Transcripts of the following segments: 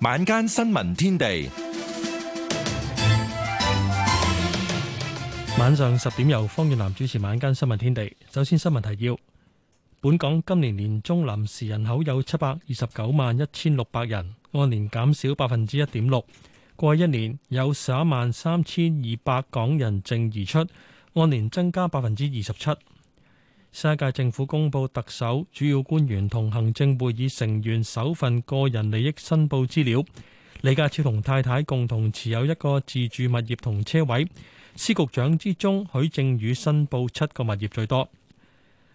晚間新聞天地，晚上十點由方月南主持。晚間新聞天地，首先新聞提要：本港今年年中臨時人口有七百二十九萬一千六百人，按年減少百分之一點六。過去一年有十一萬三千二百港人淨移出，按年增加百分之二十七。世界政府公布特首、主要官員同行政會議成員首份個人利益申報資料。李家超同太太共同持有一個自住物業同車位。司局長之中，許正宇申報七個物業最多。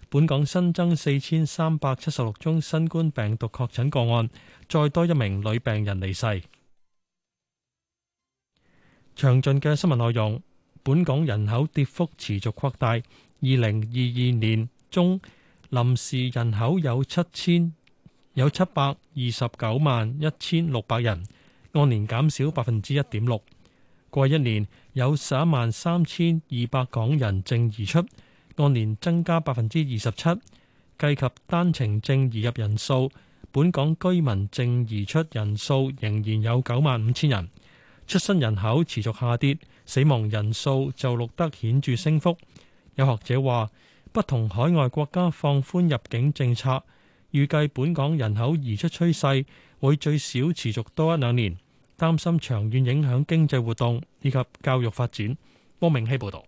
本港新增四千三百七十六宗新冠病毒確診個案，再多一名女病人離世。詳盡嘅新聞內容，本港人口跌幅持續擴大。二零二二年中，臨時人口有七千有七百二十九萬一千六百人，按年減少百分之一點六。過一年有十一萬三千二百港人淨移出，按年增加百分之二十七。計及單程淨移入人數，本港居民淨移出人數仍然有九萬五千人。出生人口持續下跌，死亡人數就錄得顯著升幅。有學者話，不同海外國家放寬入境政策，預計本港人口移出趨勢會最少持續多一兩年，擔心長遠影響經濟活動以及教育發展。汪明希報導。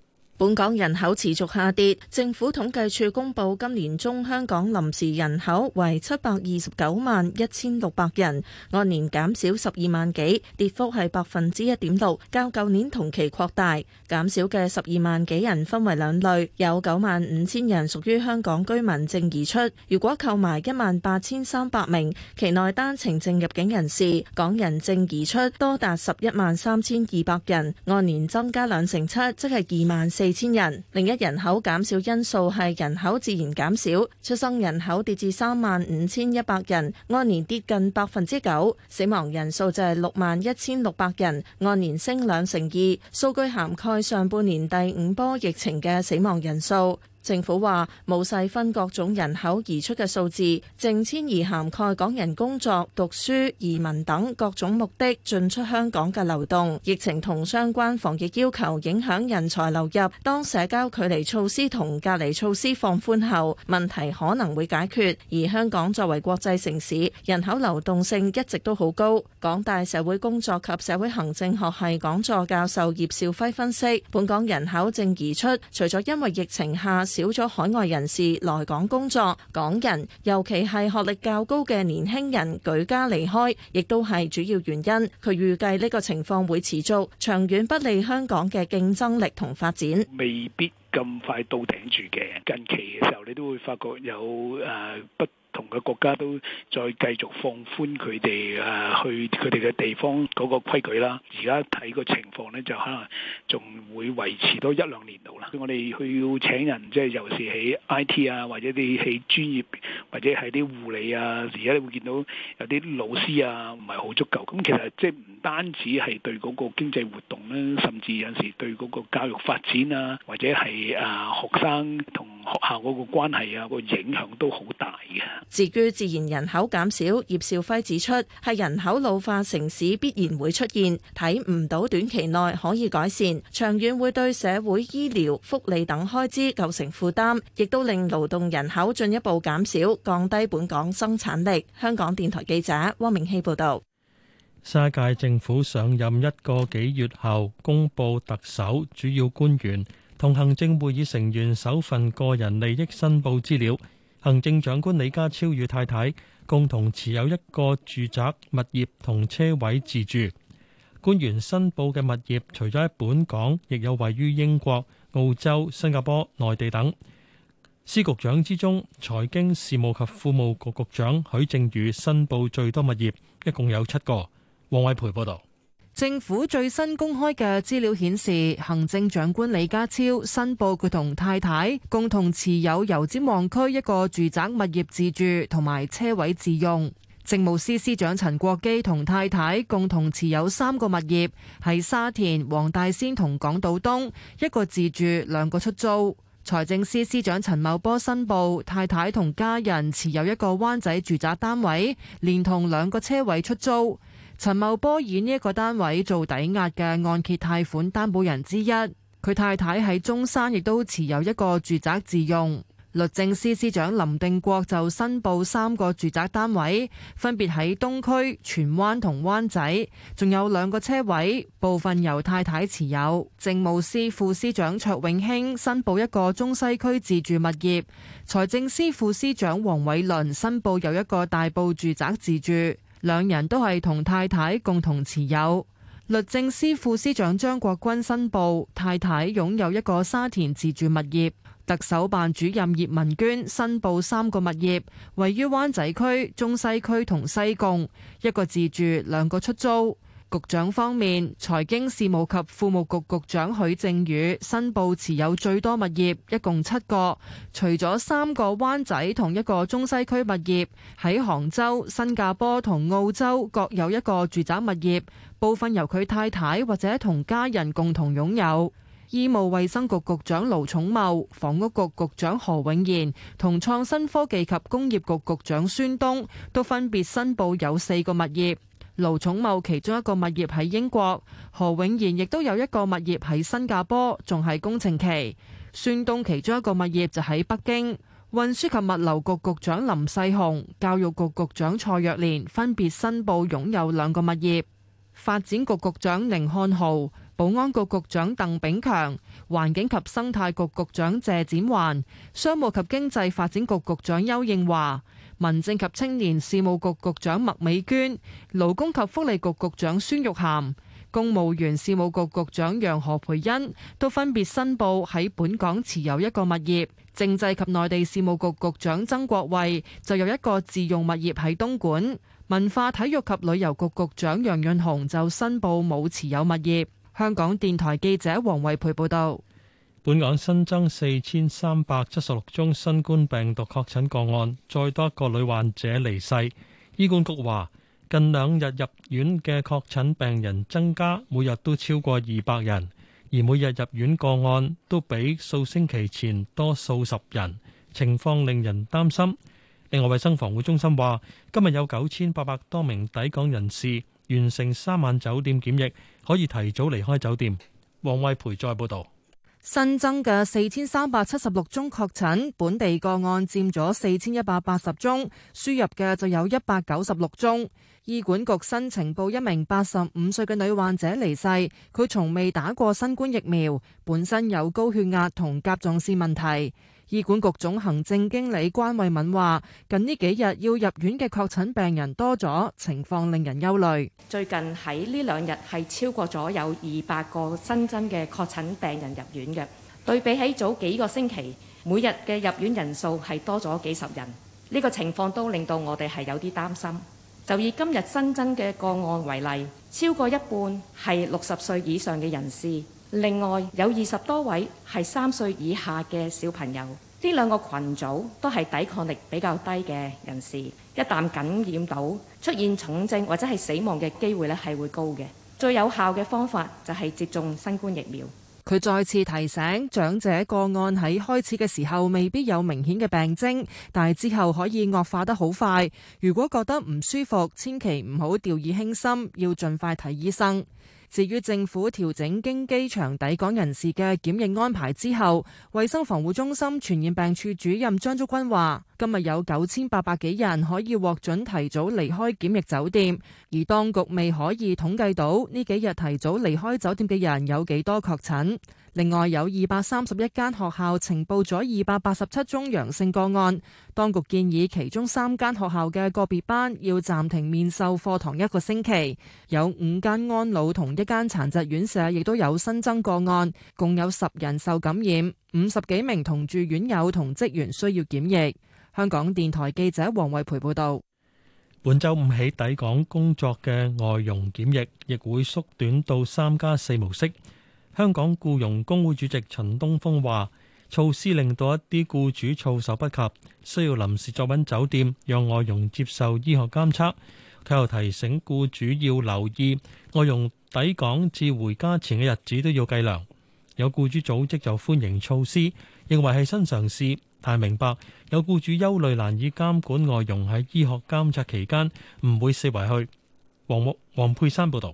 本港人口持續下跌，政府統計處公布今年中香港臨時人口為七百二十九萬一千六百人，按年減少十二萬幾，跌幅係百分之一點六，較舊年同期擴大。減少嘅十二萬幾人分為兩類，有九萬五千人屬於香港居民淨移出。如果扣埋一萬八千三百名期內單程證入境人士，港人淨移出多達十一萬三千二百人，按年增加兩成七，即係二萬四。千人，另一人口減少因素係人口自然減少，出生人口跌至三萬五千一百人，按年跌近百分之九；死亡人數就係六萬一千六百人，按年升兩成二。數據涵蓋上半年第五波疫情嘅死亡人數。政府話冇細分各種人口移出嘅數字，淨遷移涵蓋港人工作、讀書、移民等各種目的進出香港嘅流動。疫情同相關防疫要求影響人才流入，當社交距離措施同隔離措施放寬後，問題可能會解決。而香港作為國際城市，人口流動性一直都好高。港大社會工作及社會行政學系講座教授葉兆輝分析，本港人口正移出，除咗因為疫情下，少咗海外人士來港工作，港人尤其係學歷較高嘅年輕人舉家離開，亦都係主要原因。佢預計呢個情況會持續，長遠不利香港嘅競爭力同發展。未必咁快到頂住嘅，近期嘅時候你都會發覺有誒不。同個國家都再繼續放寬佢哋誒去佢哋嘅地方嗰個規矩啦。而家睇個情況咧，就可能仲會維持多一兩年到啦。我哋去要請人，即係尤其是喺 IT 啊，或者啲喺專業或者係啲護理啊，而家你會見到有啲老師啊，唔係好足夠。咁其實即係。單止係對嗰個經濟活動咧，甚至有時對嗰個教育發展啊，或者係誒、啊、學生同學校嗰個關係啊，個影響都好大嘅。至於自然人口減少，葉兆輝指出，係人口老化城市必然會出現，睇唔到短期內可以改善，長遠會對社會醫療、福利等開支構成負擔，亦都令勞動人口進一步減少，降低本港生產力。香港電台記者汪明熙報導。新一屆政府上任一個幾月後，公布特首主要官員、同行政會議成員首份個人利益申報資料。行政長官李家超與太太共同持有一個住宅、物業同車位自住。官員申報嘅物業除咗喺本港，亦有位於英國、澳洲、新加坡、內地等。司局長之中，財經事務及庫務局局長許正宇申報最多物業，一共有七個。黃偉培報道，政府最新公開嘅資料顯示，行政長官李家超申報佢同太太共同持有油尖旺區一個住宅物業自住，同埋車位自用。政務司司長陳國基同太太共同持有三個物業，係沙田黃大仙同港島東，一個自住，兩個出租。財政司司長陳茂波申報太太同家人持有一個灣仔住宅單位，連同兩個車位出租。陳茂波以呢一個單位做抵押嘅按揭貸款擔保人之一，佢太太喺中山亦都持有一個住宅自用。律政司司長林定國就申報三個住宅單位，分別喺東區、荃灣同灣仔，仲有兩個車位，部分由太太持有。政務司副司長卓永興申報一個中西區自住物業，財政司副司長黃偉綸申報有一個大埔住宅自住。兩人都係同太太共同持有。律政司副司長張國軍申報太太擁有一個沙田自住物業，特首辦主任葉文娟申報三個物業，位於灣仔區、中西區同西貢，一個自住，兩個出租。局長方面，財經事務及庫務局局長許正宇申報持有最多物業，一共七個，除咗三個灣仔同一個中西區物業，喺杭州、新加坡同澳洲各有一個住宅物業，部分由佢太太或者同家人共同擁有。醫務衛生局局長盧寵茂、房屋局局長何永賢同創新科技及工業局局長孫東都分別申報有四個物業。盧寵茂其中一個物業喺英國，何永賢亦都有一個物業喺新加坡，仲係工程期。孫東其中一個物業就喺北京。運輸及物流局局長林世雄、教育局局長蔡若蓮分別申報擁有兩個物業。發展局局長寧漢豪、保安局局長鄧炳強、環境及生態局局長謝展環、商務及經濟發展局局長邱應華。民政及青年事務局局長麥美娟、勞工及福利局局長孫玉菡、公務員事務局局長楊何培恩都分別申報喺本港持有一個物業，政制及內地事務局局長曾國衛就有一個自用物業喺東莞，文化體育及旅遊局局長楊潤雄就申報冇持有物業。香港電台記者黃惠培報道。本港新增四千三百七十六宗新冠病毒確診個案，再多一個女患者離世。醫管局話，近兩日入院嘅確診病人增加，每日都超過二百人，而每日入院個案都比數星期前多數十人，情況令人擔心。另外，衛生防護中心話，今日有九千八百多名抵港人士完成三晚酒店檢疫，可以提早離開酒店。王惠培再報道。新增嘅四千三百七十六宗確診，本地個案占咗四千一百八十宗，輸入嘅就有一百九十六宗。醫管局新呈報一名八十五歲嘅女患者離世，佢從未打過新冠疫苗，本身有高血壓同甲狀腺問題。醫管局總行政經理關慧敏話：近呢幾日要入院嘅確診病人多咗，情況令人憂慮。最近喺呢兩日係超過咗有二百個新增嘅確診病人入院嘅，對比起早幾個星期，每日嘅入院人數係多咗幾十人。呢個情況都令到我哋係有啲擔心。就以今日新增嘅個案為例，超過一半係六十歲以上嘅人士，另外有二十多位係三歲以下嘅小朋友。呢兩個群組都係抵抗力比較低嘅人士，一旦感染到出現重症或者係死亡嘅機會咧，係會高嘅。最有效嘅方法就係接種新冠疫苗。佢再次提醒長者個案喺開始嘅時候未必有明顯嘅病徵，但係之後可以惡化得好快。如果覺得唔舒服，千祈唔好掉以輕心，要盡快睇醫生。至於政府調整經機場抵港人士嘅檢疫安排之後，衛生防護中心傳染病處主任張竹君話，今日有九千八百幾人可以獲准提早離開檢疫酒店，而當局未可以統計到呢幾日提早離開酒店嘅人有幾多確診。另外有二百三十一間學校呈報咗二百八十七宗陽性個案，當局建議其中三間學校嘅個別班要暫停面授課堂一個星期，有五間安老同一間殘疾院舍亦都有新增個案，共有十人受感染，五十幾名同住院友同職員需要檢疫。香港電台記者黃惠培報道：本周五起抵港工作嘅外傭檢疫亦會縮短到三加四模式。香港僱傭工會主席陳東峰話：措施令到一啲僱主措手不及，需要臨時再揾酒店讓外傭接受醫學監測。佢又提醒雇主要留意外傭抵港至回家前嘅日子都要計量。有雇主組織就歡迎措施，認為係新嘗試，但明白有雇主憂慮難以監管外傭喺醫學監察期間唔會四圍去。黃佩珊報道。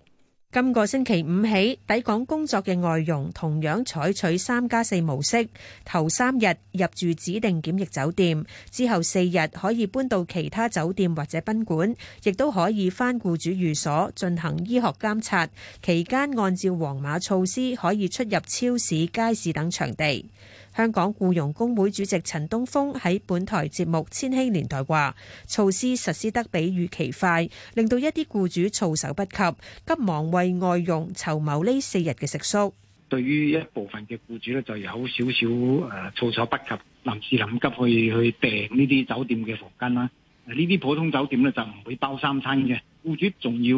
今個星期五起，抵港工作嘅外傭同樣採取三加四模式，頭三日入住指定檢疫酒店，之後四日可以搬到其他酒店或者賓館，亦都可以返雇主寓所進行醫學監察。期間按照黃碼措施，可以出入超市、街市等場地。香港僱傭工會主席陳東峰喺本台節目千禧年代話，措施實施得比預期快，令到一啲僱主措手不及，急忙為外傭籌謀呢四日嘅食宿。對於一部分嘅僱主咧，就有少少誒、呃、措手不及，臨時臨急去去訂呢啲酒店嘅房間啦。呢啲普通酒店咧就唔會包三餐嘅，僱主仲要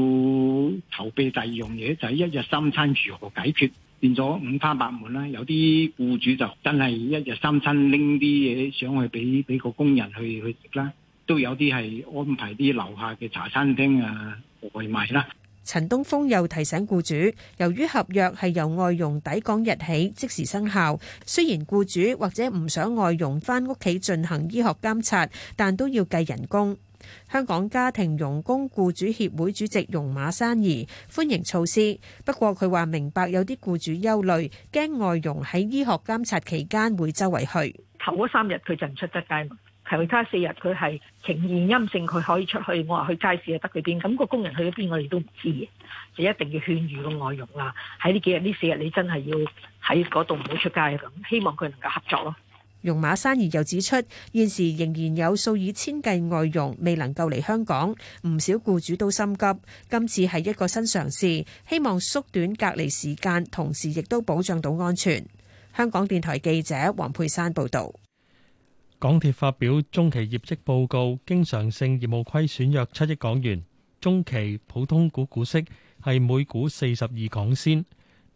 籌備第二樣嘢，就係、是、一日三餐如何解決。變咗五花八門啦，有啲雇主就真係一日三餐拎啲嘢，上去俾俾個工人去去食啦，都有啲係安排啲樓下嘅茶餐廳啊外賣啦。陳東峰又提醒雇主，由於合約係由外傭抵港日起即時生效，雖然雇主或者唔想外傭翻屋企進行醫學監察，但都要計人工。香港家庭傭工僱主協會主席容馬珊兒歡迎措施，不過佢話明白有啲僱主憂慮，驚外傭喺醫學監察期間會周圍去。頭嗰三日佢就唔出得街嘛，其他四日佢係呈現陰性，佢可以出去。我話去街市啊，得佢邊咁個工人去咗邊，我哋都唔知嘅，就一定要勸喻個外傭啦。喺呢幾日呢四日，你真係要喺嗰度唔好出街咁，希望佢能夠合作咯。容馬生兒又指出，現時仍然有數以千計外傭未能夠嚟香港，唔少僱主都心急。今次係一個新嘗試，希望縮短隔離時間，同時亦都保障到安全。香港電台記者黃佩珊報導。港鐵發表中期業績報告，經常性業務虧損約七億港元。中期普通股股息係每股四十二港仙。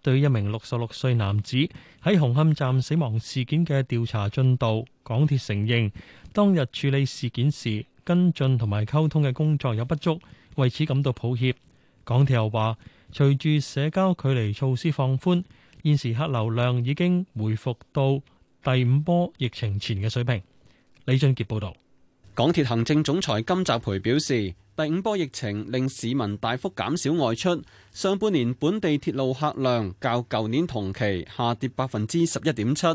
對一名六十六歲男子喺紅磡站死亡事件嘅調查進度，港鐵承認當日處理事件時跟進同埋溝通嘅工作有不足，為此感到抱歉。港鐵又話，隨住社交距離措施放寬，現時客流量已經回復到第五波疫情前嘅水平。李俊傑報道。港鐵行政總裁金澤培表示。第五波疫情令市民大幅減少外出，上半年本地鐵路客量較舊年同期下跌百分之十一點七。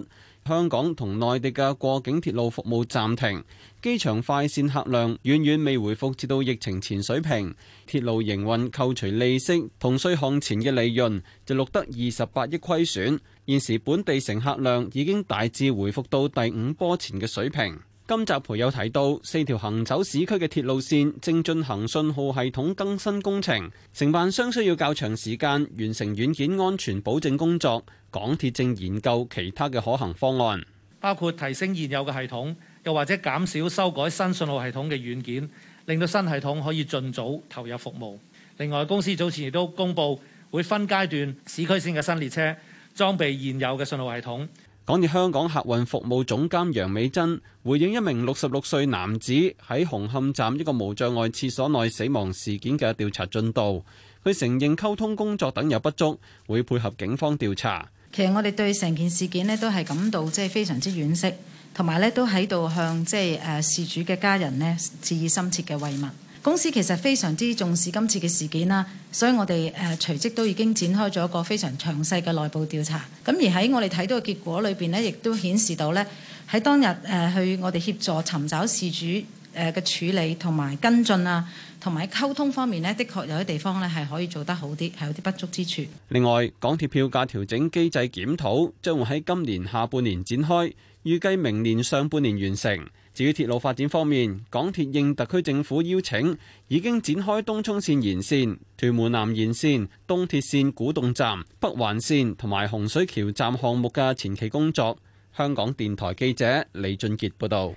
香港同內地嘅過境鐵路服務暫停，機場快線客量遠遠未回復至到疫情前水平。鐵路營運扣除利息同稅項前嘅利潤就錄得二十八億虧損。現時本地乘客量已經大致回復到第五波前嘅水平。金澤培有提到，四條行走市區嘅鐵路線正進行信號系統更新工程，承辦商需要較長時間完成軟件安全保證工作。港鐵正研究其他嘅可行方案，包括提升現有嘅系統，又或者減少修改新信號系統嘅軟件，令到新系統可以盡早投入服務，另外，公司早前亦都公布會分階段市區線嘅新列車裝備現有嘅信號系統。港鐵香港客運服務總監楊美珍回應一名六十六歲男子喺紅磡站一個無障礙廁所內死亡事件嘅調查進度，佢承認溝通工作等有不足，會配合警方調查。其實我哋對成件事件呢都係感到即係、就是、非常之惋惜，同埋呢都喺度向即係誒事主嘅家人呢致以深切嘅慰問。公司其實非常之重視今次嘅事件啦，所以我哋誒隨即都已經展開咗一個非常詳細嘅內部調查。咁而喺我哋睇到嘅結果裏邊呢，亦都顯示到呢，喺當日誒去我哋協助尋找事主誒嘅處理同埋跟進啊，同埋溝通方面呢，的確有啲地方呢係可以做得好啲，係有啲不足之處。另外，港鐵票價調整機制檢討將會喺今年下半年展開，預計明年上半年完成。至於鐵路發展方面，港鐵應特區政府邀請，已經展開東涌綫延綫、屯門南延綫、東鐵綫古洞站、北環綫同埋洪水橋站項目嘅前期工作。香港電台記者李俊杰報道。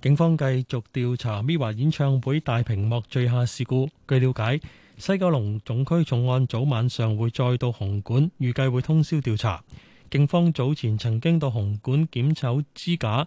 警方繼續調查 MIRROR 演唱會大屏幕墜下事故。據了解，西九龍總區重案組晚上會再到紅館，預計會通宵調查。警方早前曾經到紅館檢走支架，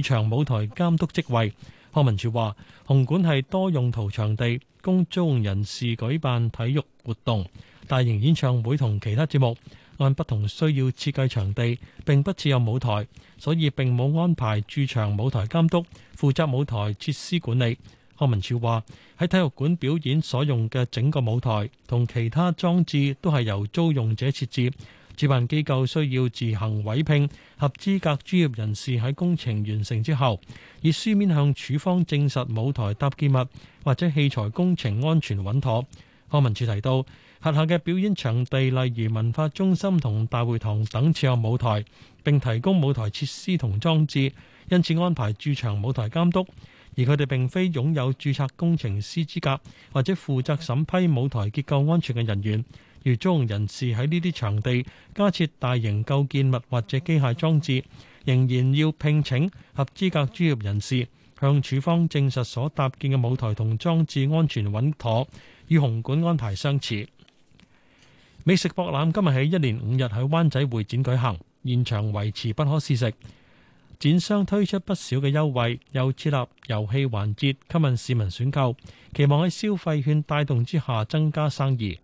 駐場舞台監督職位，康文署話，紅館係多用途場地，供租用人士舉辦體育活動、大型演唱會同其他節目。按不同需要設計場地，並不設有舞台，所以並冇安排駐場舞台監督負責舞台設施管理。康文署話，喺體育館表演所用嘅整個舞台同其他裝置都係由租用者設置。主辦機構需要自行委聘合資格專業人士喺工程完成之後，以書面向署方證實舞台搭建物或者器材工程安全穩妥。康文署提到，轄下嘅表演場地例如文化中心同大會堂等設有舞台，並提供舞台設施同裝置，因此安排駐場舞台監督，而佢哋並非擁有註冊工程師資格或者負責審批舞台結構安全嘅人員。如租用人士喺呢啲場地加設大型構建物或者機械裝置，仍然要聘請合資格專業人士向署方證實所搭建嘅舞台同裝置安全穩妥，與紅館安排相似。美食博覽今日起一連五日喺灣仔會展舉行，現場維持不可試食。展商推出不少嘅優惠，又設立遊戲環節吸引市民選購，期望喺消費券帶動之下增加生意。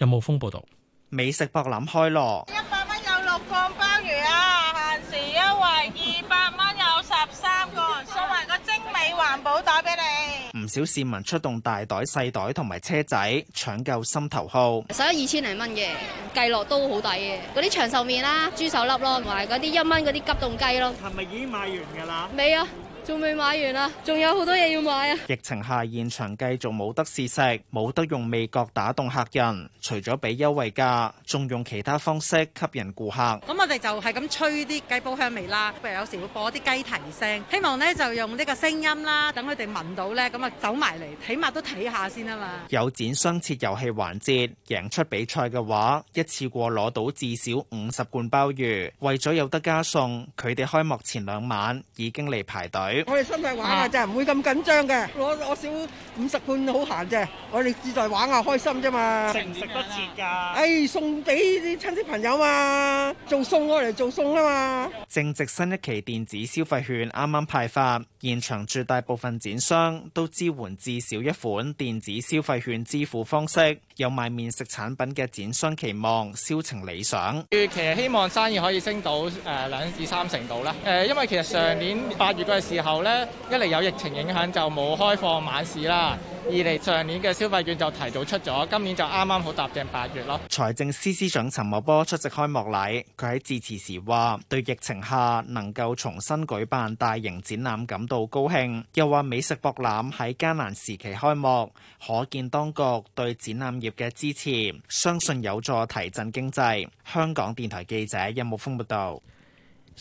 有冇峰報道，美食博覽開鑼，一百蚊有六個鮑魚啊！限時優惠，二百蚊有十三個，送埋個精美環保袋俾你。唔 少市民出動大袋、細袋同埋車仔，搶救心頭好。使咗二千零蚊嘅，計落都好抵嘅。嗰啲長壽麵啦、豬手粒咯、啊，同埋嗰啲一蚊嗰啲急凍雞咯。係咪已經買完噶啦？未啊。仲未買完啊！仲有好多嘢要買啊！疫情下現場繼續冇得試食，冇得用味覺打動客人，除咗俾優惠價，仲用其他方式吸引顧客。咁我哋就係咁吹啲雞煲香味啦，譬如有時會播啲雞蹄聲，希望呢就用呢個聲音啦，等佢哋聞到呢。咁啊走埋嚟，起碼都睇下先啊嘛。有展商設遊戲環節，贏出比賽嘅話，一次過攞到至少五十罐鮑魚。為咗有得加送，佢哋開幕前兩晚已經嚟排隊。 我哋志、啊、在玩啊，就係唔會咁緊張嘅。攞攞少五十半好閒啫。我哋自在玩下開心啫嘛。食唔食得切㗎？誒、哎，送俾啲親戚朋友嘛，做餸我嚟做餸啊嘛。正值新一期電子消費券啱啱派發，現場絕大部分展商都支援至少一款電子消費券支付方式。有賣麵食產品嘅展商期望銷情理想。佢其實希望生意可以升到誒兩至三成度啦。誒、呃，因為其實上年八月嗰陣時後呢，一嚟有疫情影響就冇開放晚市啦；二嚟上年嘅消費券就提早出咗，今年就啱啱好搭正八月咯。財政司司長陳茂波出席開幕禮，佢喺致辭時話：對疫情下能夠重新舉辦大型展覽感到高興，又話美食博覽喺艱難時期開幕，可見當局對展覽業嘅支持，相信有助提振經濟。香港電台記者任木豐報道。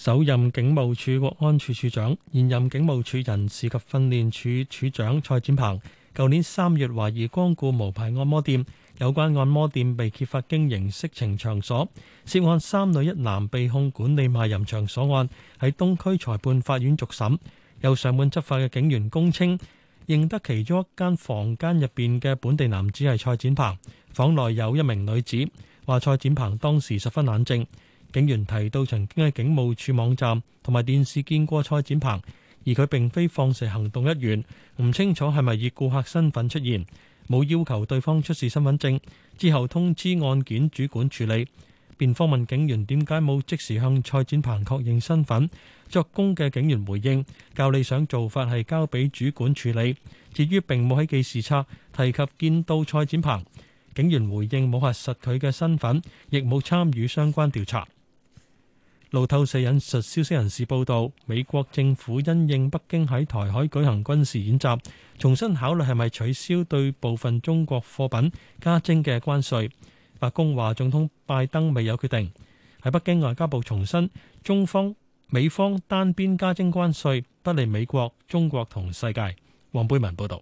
首任警務處國安處處長，現任警務處人事及訓練處處長蔡展鵬，舊年三月懷疑光顧無牌按摩店，有關按摩店被揭發經營色情場所，涉案三女一男被控管理賣淫場所案，喺東區裁判法院續審。有上門執法嘅警員供稱，認得其中一間房間入邊嘅本地男子係蔡展鵬，房內有一名女子，話蔡展鵬當時十分冷靜。警員提到曾經喺警務處網站同埋電視見過蔡展鵬，而佢並非放蛇行動一員，唔清楚係咪以顧客身份出現，冇要求對方出示身份證。之後通知案件主管處理，辯方問警員點解冇即時向蔡展鵬確認身份，作供嘅警員回應較理想做法係交俾主管處理。至於並冇喺記事冊提及見到蔡展鵬，警員回應冇核實佢嘅身份，亦冇參與相關調查。路透社引述消息人士報道，美國政府因應北京喺台海舉行軍事演習，重新考慮係咪取消對部分中國貨品加徵嘅關稅。白宮話總統拜登未有決定。喺北京外交部重申，中方美方單邊加徵關稅不利美國、中國同世界。黃貝文報道。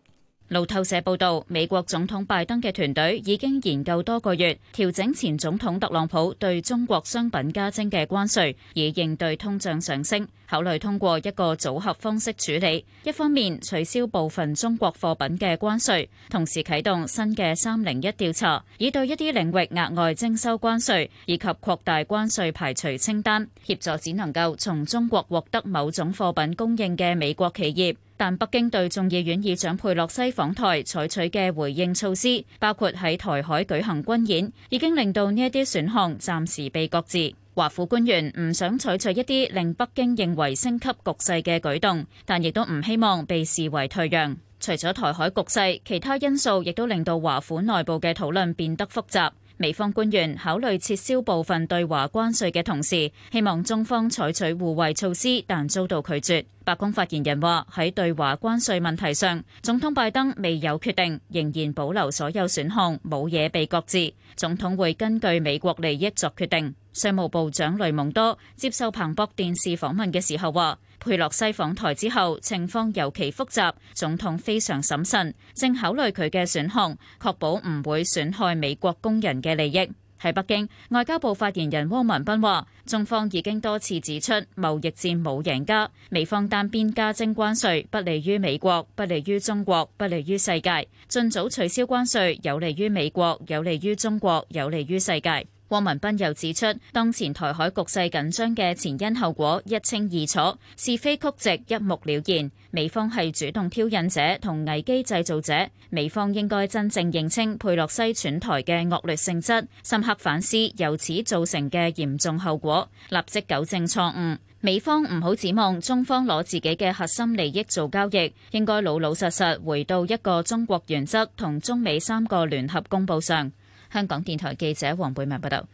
路透社報道，美國總統拜登嘅團隊已經研究多個月，調整前總統特朗普對中國商品加徵嘅關稅，以應對通脹上升。考慮通過一個組合方式處理，一方面取消部分中國貨品嘅關稅，同時啟動新嘅三零一調查，以對一啲領域額外徵收關稅，以及擴大關稅排除清單，協助只能夠從中國獲得某種貨品供應嘅美國企業。但北京對眾議院議長佩洛西訪台採取嘅回應措施，包括喺台海舉行軍演，已經令到呢一啲選項暫時被擱置。華府官員唔想採取，取一啲令北京認為升級局勢嘅舉動，但亦都唔希望被視為退讓，除咗台海局勢，其他因素亦都令到華府內部嘅討論變得複雜。美方官員考慮撤銷部分對華關稅嘅同時，希望中方採取互惠措施，但遭到拒絕。白宮發言人話：喺對華關稅問題上，總統拜登未有決定，仍然保留所有選項，冇嘢被擱置。總統會根據美國利益作決定。商務部長雷蒙多接受彭博電視訪問嘅時候話：佩洛西訪台之後，情況尤其複雜，總統非常審慎，正考慮佢嘅選項，確保唔會損害美國工人嘅利益。喺北京，外交部發言人汪文斌話：中方已經多次指出，貿易戰冇贏家，美方單邊加徵關稅不利於美國，不利於中國，不利於世界。盡早取消關稅有利於美國，有利於中國，有利於世界。汪文斌又指出，當前台海局勢緊張嘅前因後果一清二楚，是非曲直一目了然。美方係主動挑釁者同危機製造者，美方應該真正認清佩洛西竄台嘅惡劣性質，深刻反思由此造成嘅嚴重後果，立即糾正錯誤。美方唔好指望中方攞自己嘅核心利益做交易，應該老老實實回到一個中國原則同中美三個聯合公報上。香港電台記者黃貝文報道，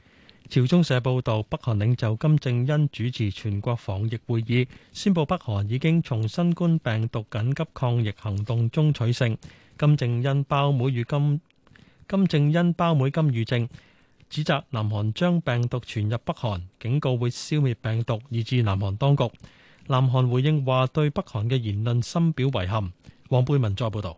朝中社報道，北韓領袖金正恩主持全國防疫會議，宣布北韓已經從新冠病毒緊急抗疫行動中取勝。金正恩胞妹與金金正恩胞妹金與正指責南韓將病毒傳入北韓，警告會消滅病毒以至南韓當局。南韓回應話對北韓嘅言論深表遺憾。黃貝文再報道。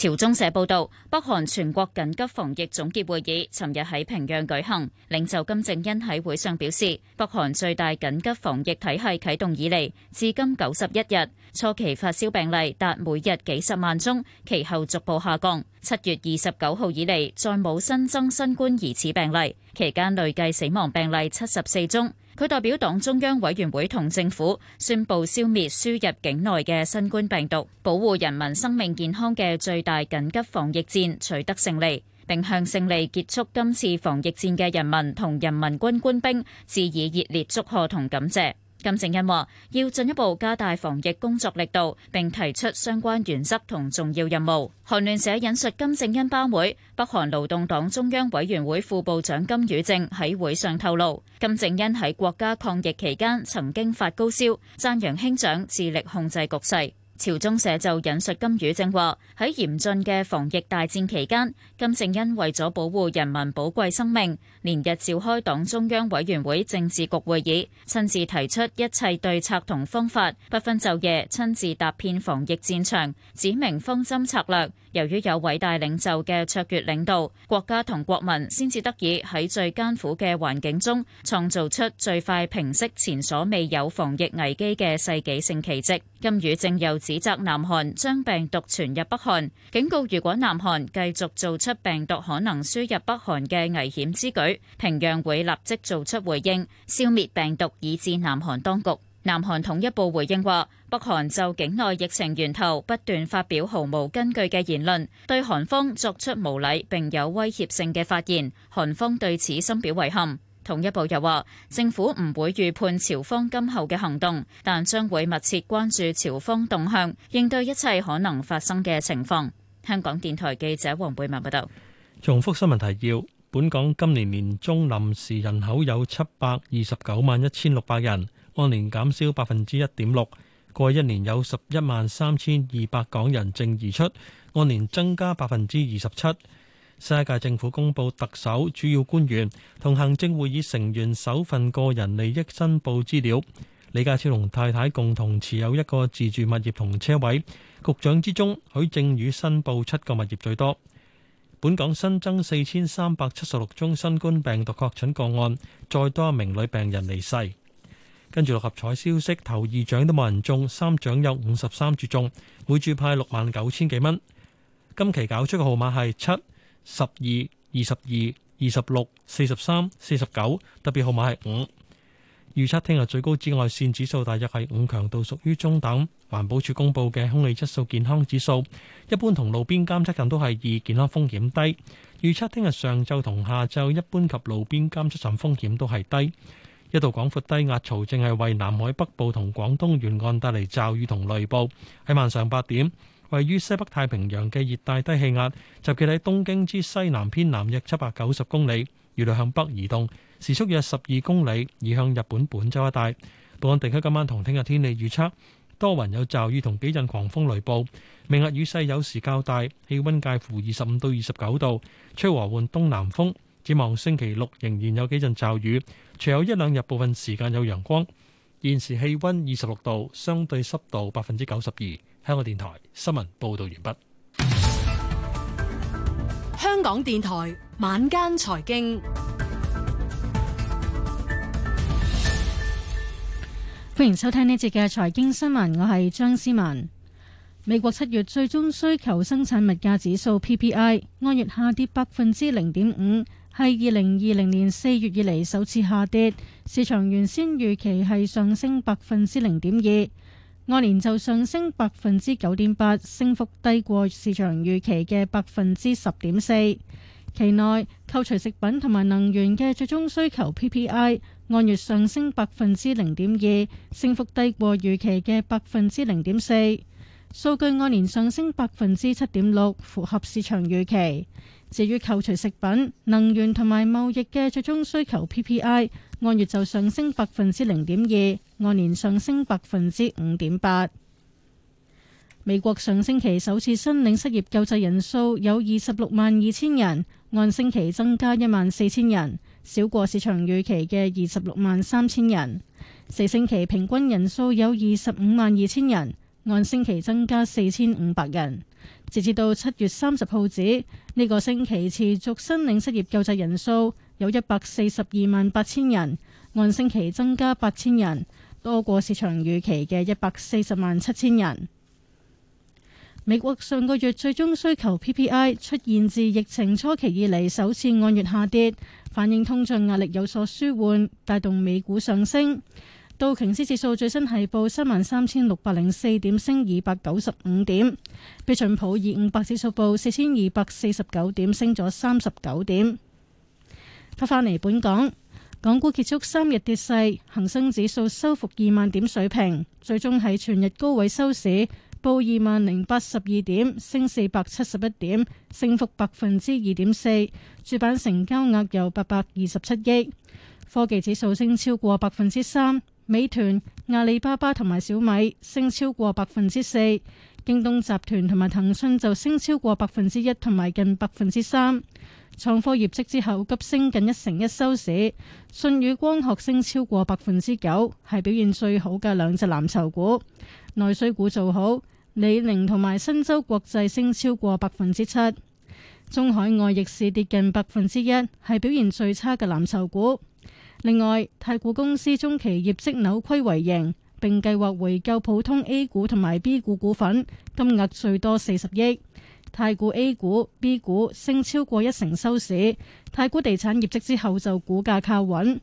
朝中社報道，北韓全國緊急防疫總結會議尋日喺平壤舉行，領袖金正恩喺會上表示，北韓最大緊急防疫體系啟動以嚟，至今九十一日，初期發燒病例達每日幾十萬宗，其後逐步下降。七月二十九號以嚟，再冇新增新冠疑似病例，期間累計死亡病例七十四宗。佢代表黨中央委員會同政府宣布，消滅輸入境內嘅新冠病毒，保護人民生命健康嘅最大緊急防疫戰取得勝利，並向勝利結束今次防疫戰嘅人民同人民軍官兵致以熱烈祝賀同感謝。金正恩話要進一步加大防疫工作力度，並提出相關原則同重要任務。韓聯社引述金正恩胞妹，北韓勞動黨中央委員會副部長金與正喺會上透露，金正恩喺國家抗疫期間曾經發高燒，讚揚兄長致力控制局勢。朝中社就引述金與正話，喺嚴峻嘅防疫大戰期間，金正恩為咗保護人民寶貴生命，連日召開黨中央委員會政治局會議，親自提出一切對策同方法，不分晝夜，親自踏遍防疫戰場，指明方針策略。由於有偉大領袖嘅卓越領導，國家同國民先至得以喺最艱苦嘅環境中創造出最快平息前所未有防疫危機嘅世紀性奇蹟。金與正又指責南韓將病毒傳入北韓，警告如果南韓繼續做出病毒可能輸入北韓嘅危險之舉，平壤會立即做出回應，消滅病毒以致南韓當局。南韓統一部回應話。北韓就境內疫情源頭不斷發表毫無根據嘅言論，對韓方作出無禮並有威脅性嘅發言。韓方對此深表遺憾。統一部又話，政府唔會預判朝方今後嘅行動，但將會密切關注朝方動向，應對一切可能發生嘅情況。香港電台記者黃貝文報道。重複新聞提要：本港今年年中臨時人口有七百二十九萬一千六百人，按年減少百分之一點六。過一年有十一萬三千二百港人正移出，按年增加百分之二十七。新一屆政府公布特首主要官員同行政會議成員首份個人利益申報資料。李家超同太太共同持有一個自住物業同車位。局長之中，許正宇申報七個物業最多。本港新增四千三百七十六宗新冠病毒確診個案，再多一名女病人離世。跟住六合彩消息，頭二獎都冇人中，三獎有五十三注中，每注派六萬九千幾蚊。今期搞出嘅號碼係七、十二、二十二、二十六、四十三、四十九。特別號碼係五。預測聽日最高紫外線指數大約係五，強度屬於中等。環保署公布嘅空氣質素健康指數，一般同路邊監測站都係二，健康風險低。預測聽日上晝同下晝一般及路邊監測站風險都係低。一道廣闊低壓槽正係為南海北部同廣東沿岸帶嚟驟雨同雷暴。喺晚上八點，位於西北太平洋嘅熱帶低氣壓集結喺東京之西南偏南約七百九十公里，預料向北移動，時速約十二公里，移向日本本州一帶。本港地區今晚同聽日天氣預測多雲有驟雨同幾陣狂風雷暴，明日雨勢有時較大，氣温介乎二十五到二十九度，吹和緩東南風。展望星期六仍然有幾陣驟雨，除有一兩日部分時間有陽光。現時氣溫二十六度，相對濕度百分之九十二。香港電台新聞報道完畢。香港電台晚間財經，歡迎收聽呢節嘅財經新聞，我係張思文。美國七月最終需求生產物價指數 PPI 按月下跌百分之零點五。係二零二零年四月以嚟首次下跌，市場原先預期係上升百分之零點二，按年就上升百分之九點八，升幅低過市場預期嘅百分之十點四。期內扣除食品同埋能源嘅最終需求 PPI 按月上升百分之零點二，升幅低過預期嘅百分之零點四。數據按年上升百分之七點六，符合市場預期。至於扣除食品、能源同埋貿易嘅最終需求 PPI，按月就上升百分之零點二，按年上升百分之五點八。美國上星期首次申領失業救濟人數有二十六萬二千人，按星期增加一萬四千人，少過市場預期嘅二十六萬三千人。四星期平均人數有二十五萬二千人。按星期增加四千五百人，直至到七月三十號止。呢、這個星期持續申領失業救濟人數有一百四十二萬八千人，按星期增加八千人，多過市場預期嘅一百四十萬七千人。美國上個月最終需求 PPI 出現自疫情初期以嚟首次按月下跌，反映通脹壓力有所舒緩，帶動美股上升。道瓊斯指數最新係報三萬三千六百零四點，升二百九十五點，標準普爾二五百指數報四千二百四十九點，升咗三十九點。翻返嚟本港，港股結束三日跌勢，恒生指數收復二萬點水平，最終喺全日高位收市，報二萬零八十二點，升四百七十一點，升幅百分之二點四。主板成交額由八百二十七億。科技指數升超過百分之三。美團、阿里巴巴同埋小米升超過百分之四，京東集團同埋騰訊就升超過百分之一，同埋近百分之三。創科業績之後急升近一成一收市，信宇光學升超過百分之九，係表現最好嘅兩隻藍籌股。內需股做好，李寧同埋新洲國際升超過百分之七。中海外逆市跌近百分之一，係表現最差嘅藍籌股。另外，太古公司中期業績扭虧為盈，並計劃回購普通 A 股同埋 B 股股份，金額最多四十億。太古 A 股、B 股升超過一成收市。太古地產業績之後就股價靠穩。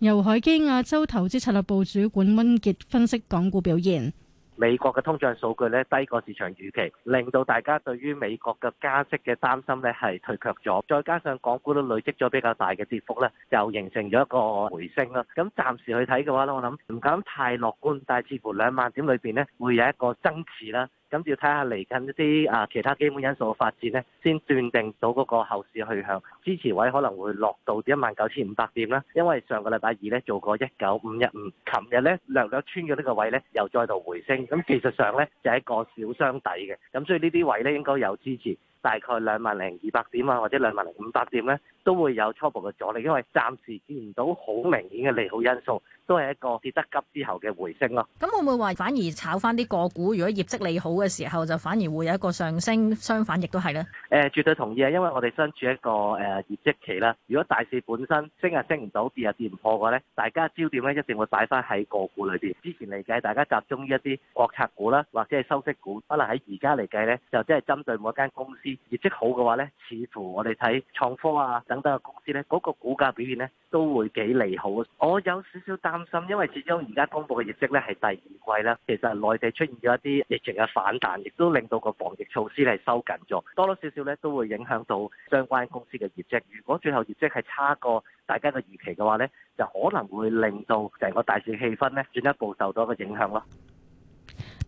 由海基亞洲投資策略部主管溫杰分析港股表現。美國嘅通脹數據咧低過市場預期，令到大家對於美國嘅加息嘅擔心咧係退卻咗，再加上港股都累積咗比較大嘅跌幅咧，就形成咗一個回升啦。咁暫時去睇嘅話咧，我諗唔敢太樂觀，但係似乎兩萬點裏邊咧會有一個爭持啦。咁就要睇下嚟緊一啲啊，其他基本因素嘅發展咧，先斷定到嗰個後市去向。支持位可能會落到一萬九千五百點啦，因為上個禮拜二咧做過一九五一五，琴日咧略略穿咗呢個位咧，又再度回升。咁技術上咧就係、是、一個小箱底嘅，咁所以呢啲位咧應該有支持。大概兩萬零二百點、啊、或者兩萬零五百點咧，都會有初步嘅阻力，因為暫時見唔到好明顯嘅利好因素，都係一個跌得急之後嘅回升咯。咁會唔會話反而炒翻啲個股？如果業績利好嘅時候，就反而會有一個上升，相反亦都係咧。誒、呃，絕對同意啊！因為我哋身處一個誒、呃、業績期啦。如果大市本身升呀升唔到，跌呀跌唔破嘅話咧，大家焦點咧一定會擺翻喺個股裏邊。之前嚟計，大家集中於一啲國策股啦，或者係收息股，可能喺而家嚟計咧，就即係針對某一間公司。業績好嘅話呢，似乎我哋睇創科啊等等嘅公司呢，嗰個股價表現呢都會幾利好。我有少少擔心，因為始終而家公布嘅業績呢係第二季啦，其實內地出現咗一啲疫情嘅反彈，亦都令到個防疫措施係收緊咗，多多少少呢都會影響到相關公司嘅業績。如果最後業績係差過大家嘅預期嘅話呢，就可能會令到成個大市氣氛呢進一步受到一個影響咯。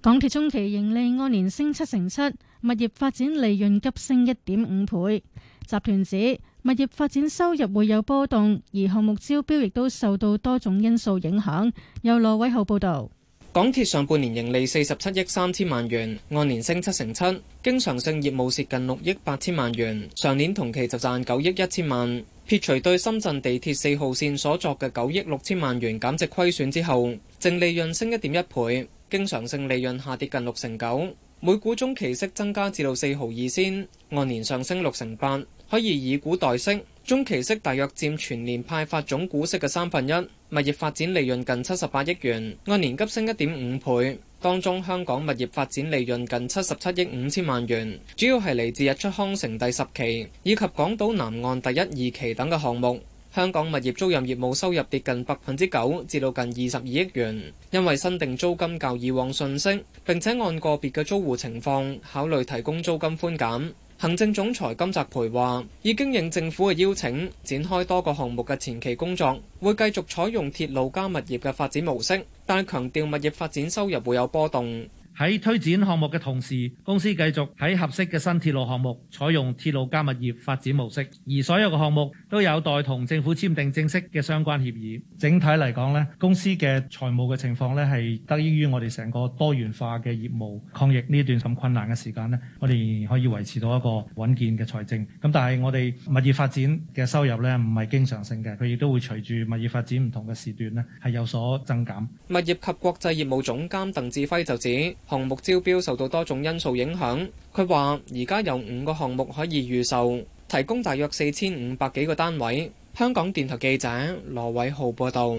港鐵中期盈利按年升七成七，物業發展利潤急升一點五倍。集團指物業發展收入會有波動，而項目招標亦都受到多種因素影響。由羅偉浩報道，港鐵上半年盈利四十七億三千萬元，按年升七成七。經常性業務蝕近六億八千萬元，上年同期就賺九億一千萬。撇除對深圳地鐵四號線所作嘅九億六千萬元減值虧損之後，淨利潤升一點一倍。經常性利潤下跌近六成九，每股中期息增加至到四毫二仙，按年上升六成八，可以以股代息。中期息大約佔全年派發總股息嘅三分一。物業發展利潤近七十八億元，按年急升一點五倍，當中香港物業發展利潤近七十七億五千萬元，主要係嚟自日出康城第十期，以及港島南岸第一二期等嘅項目。香港物業租賃業務收入跌近百分之九，至到近二十二億元，因為新定租金較以往遜色，並且按個別嘅租戶情況考慮提供租金寬減。行政總裁金澤培話，已經應政府嘅邀請展開多個項目嘅前期工作，會繼續採用鐵路加物業嘅發展模式，但係強調物業發展收入會有波動。喺推展項目嘅同時，公司繼續喺合適嘅新鐵路項目採用鐵路加物業發展模式，而所有嘅項目都有待同政府簽訂正式嘅相關協議。整體嚟講呢，公司嘅財務嘅情況呢，係得益於我哋成個多元化嘅業務。抗疫呢段咁困難嘅時間呢，我哋仍然可以維持到一個穩健嘅財政。咁但係我哋物業發展嘅收入呢，唔係經常性嘅，佢亦都會隨住物業發展唔同嘅時段呢，係有所增減。物業及國際業務總監鄧志輝就指。項目招標受到多種因素影響，佢話而家有五個項目可以預售，提供大約四千五百幾個單位。香港電台記者羅偉浩報道。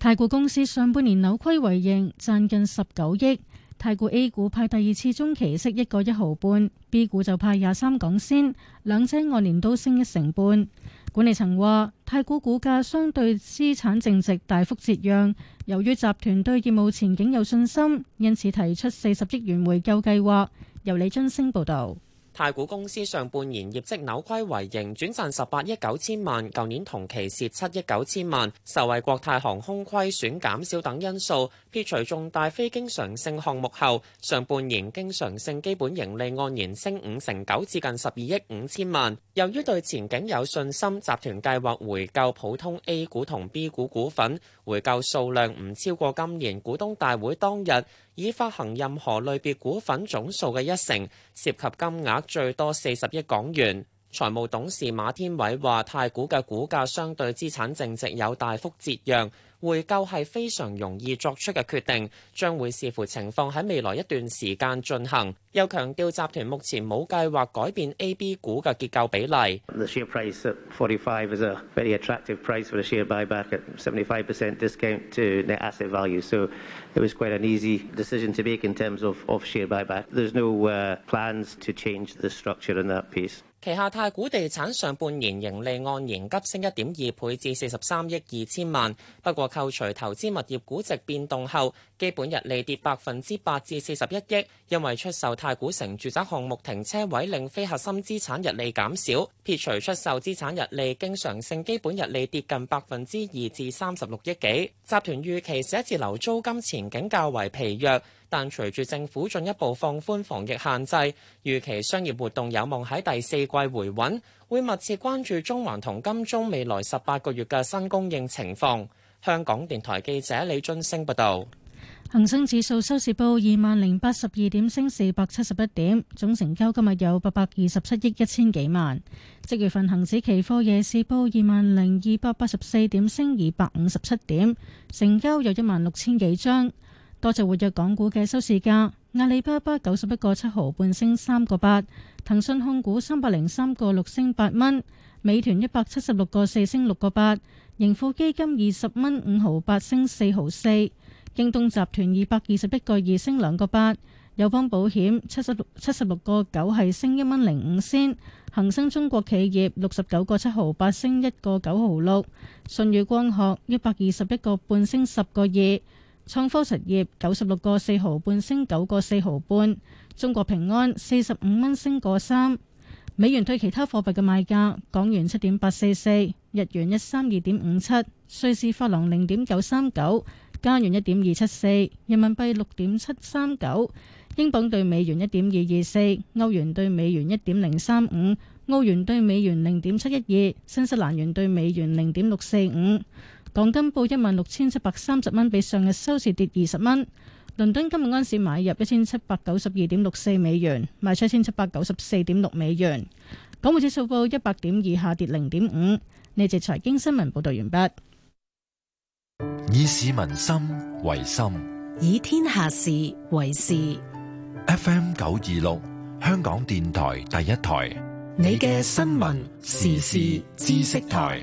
太古公司上半年扭虧為盈，賺近十九億。太古 A 股派第二次中期息一個一毫半，B 股就派廿三港仙，兩者按年都升一成半。管理層話，太古股價相對資產淨值大幅折讓，由於集團對業務前景有信心，因此提出四十億元回購計劃。由李津星報道。太古公司上半年業績扭虧為盈，轉賺十八億九千萬，舊年同期蝕七億九千萬，受惠國泰航空虧損減少等因素，撇除重大非經常性項目後，上半年經常性基本盈利按年升五成九，至近十二億五千萬。由於對前景有信心，集團計劃回購普通 A 股同 B 股股份，回購數量唔超過今年股東大會當日，已發行任何類別股份總數嘅一成，涉及金額最多四十億港元。財務董事馬天偉話，太古嘅股價相對資產淨值有大幅折讓。回購係非常容易作出嘅決定，將會視乎情況喺未來一段時間進行。又強調集團目前冇計劃改變 AB 股嘅結構比例。旗下太古地產上半年盈利按年急升一點二倍至四十三億二千萬。不過扣除投資物業估值變動後，基本溢利跌百分之八至四十一億，因為出售太古城住宅項目停車位令非核心資產溢利減少，撇除出售資產溢利，經常性基本溢利跌近百分之二至三十六億幾。集團預期寫字樓租金前景較為疲弱。但隨住政府進一步放寬防疫限制，預期商業活動有望喺第四季回穩，會密切關注中環同金鐘未來十八個月嘅新供應情況。香港電台記者李津升報道，恒生指數收市報二萬零八十二點，升四百七十一點，總成交今日有八百二十七億一千幾萬。即月份恆指期貨夜市報二萬零二百八十四點，升二百五十七點，成交有一萬六千幾張。多隻活躍港股嘅收市價，阿里巴巴九十一個七毫半升三個八，騰訊控股三百零三個六升八蚊，美團一百七十六個四升六個八，盈富基金二十蚊五毫八升四毫四，京東集團二百二十一個二升兩個八，友邦保險七十六七十六個九係升一蚊零五先，恒生中國企業六十九個七毫八升一個九毫六，順宇光學一百二十一個半升十個二。創科實業九十六個四毫半升九個四毫半，中國平安四十五蚊升個三，美元對其他貨幣嘅賣價：港元七點八四四，日元一三二點五七，瑞士法郎零點九三九，加元一點二七四，人民幣六點七三九，英鎊對美元一點二二四，歐元對美元一點零三五，澳元對美元零點七一二，新西蘭元對美元零點六四五。港金報一萬六千七百三十蚊，比上日收市跌二十蚊。倫敦今日安市買入一千七百九十二點六四美元，賣出一千七百九十四點六美元。港匯指數報一百點二，下跌零點五。呢節財經新聞報道完畢。以市民心為心，以天下事為事。F. M. 九二六，香港電台第一台，你嘅新聞時事知識台。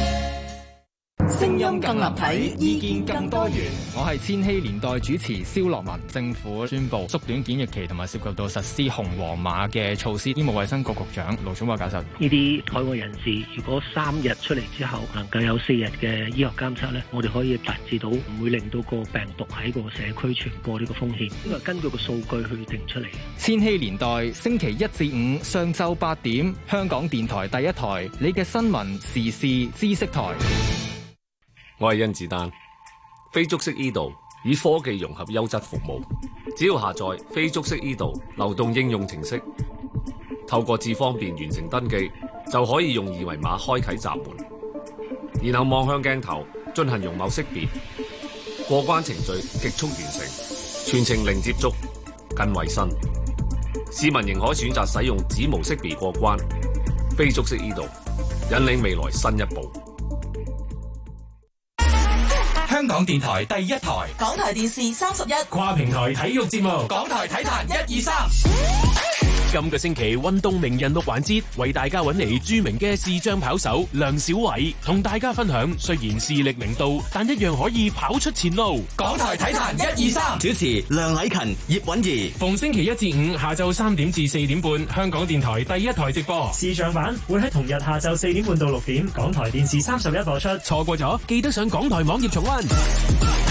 聲音更立體，意見更多元。我係千禧年代主持蕭樂文。政府宣布縮短檢疫期，同埋涉及到實施紅黃碼嘅措施。醫務衛生局局長盧寵茂教授，呢啲海外人士如果三日出嚟之後，能夠有四日嘅醫學監測呢，我哋可以達至到唔會令到個病毒喺個社區傳播呢個風險。呢個根據個數據去定出嚟。千禧年代星期一至五上晝八點，香港電台第一台，你嘅新聞時事知識台。我係甄子丹，非觸式 e 道以科技融合優質服務，只要下載非觸式 e 道流動應用程式，透過智方便完成登記，就可以用二維碼開啟閘門，然後望向鏡頭進行容貌識別，過關程序極速完成，全程零接觸、更衛生。市民仍可選擇使用指模識別過關。非觸式 e 道引領未來新一步。香港電台第一台，港台電視三十一，跨平台體育節目，港台體壇一二三。今個星期運動名人錄環節，為大家揾嚟著名嘅視障跑手梁小偉，同大家分享，雖然視力零度，但一樣可以跑出前路。港台體壇一二三，體壇一二三，主持梁禮勤、葉韻儀，逢星期一至五下晝三點至四點半，香港電台第一台直播視像版，會喺同日下晝四點半到六點，港台電視三十一播出。錯過咗，記得上港台網頁重溫。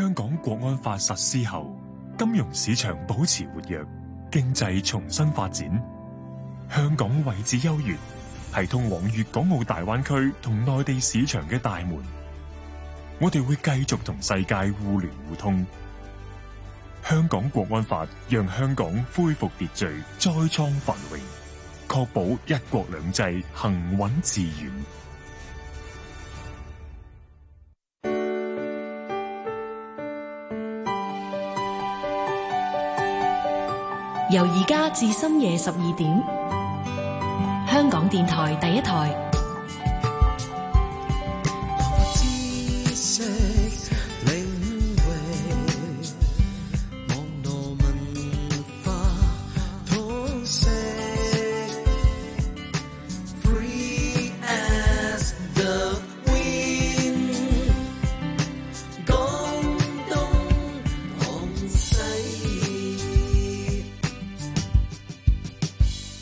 香港國安法實施後，金融市場保持活躍，經濟重新發展。香港位置優越，係通往粵港澳大灣區同內地市場嘅大門。我哋會繼續同世界互聯互通。香港國安法讓香港恢復秩序，再創繁榮，確保一國兩制行穩致遠。由而家至深夜十二點，香港電台第一台。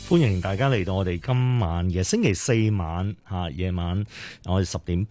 歡迎大家嚟到我哋今晚嘅星期四晚吓夜晚，我哋十點。